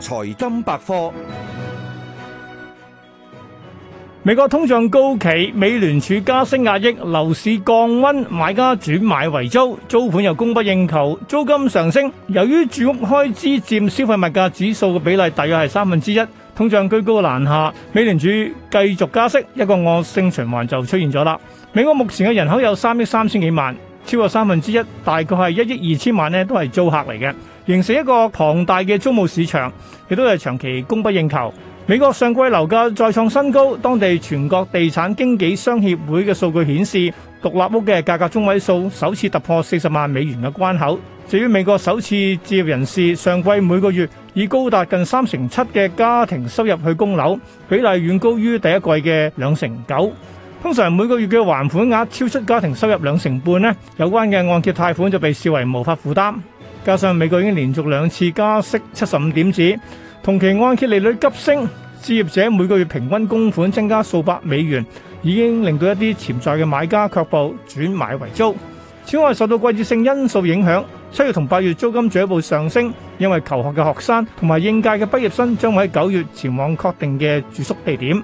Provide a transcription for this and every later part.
財金百科：美國通脹高企，美聯儲加息壓抑樓市降溫，買家轉買為租，租款又供不應求，租金上升。由於住屋開支佔消費物價指數嘅比例大約係三分之一，3, 通脹居高難下，美聯儲繼續加息，一個惡性循環就出現咗啦。美國目前嘅人口有三億三千幾萬。超過三分之一，大概係一億二千萬咧，都係租客嚟嘅，形成一個龐大嘅租務市場，亦都係長期供不應求。美國上季樓價再創新高，當地全國地產經紀商協會嘅數據顯示，獨立屋嘅價格中位數首次突破四十萬美元嘅關口。至於美國首次置業人士上季每個月以高達近三成七嘅家庭收入去供樓，比例遠高於第一季嘅兩成九。通常每個月嘅還款額超出家庭收入兩成半咧，有關嘅按揭貸款就被視為無法負擔。加上美國已經連續兩次加息七十五點子，同期按揭利率急升，置業者每個月平均供款增加數百美元，已經令到一啲潛在嘅買家卻步轉買為租。此外，受到季節性因素影響，七月同八月租金進一步上升，因為求學嘅學生同埋應屆嘅畢業生將會喺九月前往確定嘅住宿地點。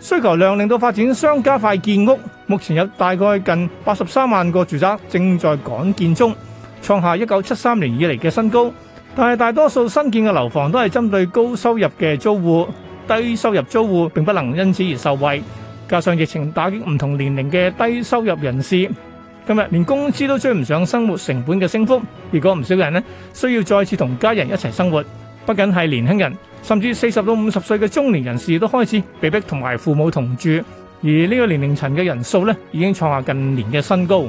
需求量令到發展商加快建屋，目前有大概近八十三萬個住宅正在趕建中，創下一九七三年以嚟嘅新高。但係大多數新建嘅樓房都係針對高收入嘅租戶，低收入租戶並不能因此而受惠。加上疫情打擊唔同年齡嘅低收入人士，今日連工資都追唔上生活成本嘅升幅，如果唔少人咧需要再次同家人一齊生活。不僅係年輕人，甚至四十到五十歲嘅中年人士都開始被逼同埋父母同住，而呢個年齡層嘅人數呢，已經創下近年嘅新高。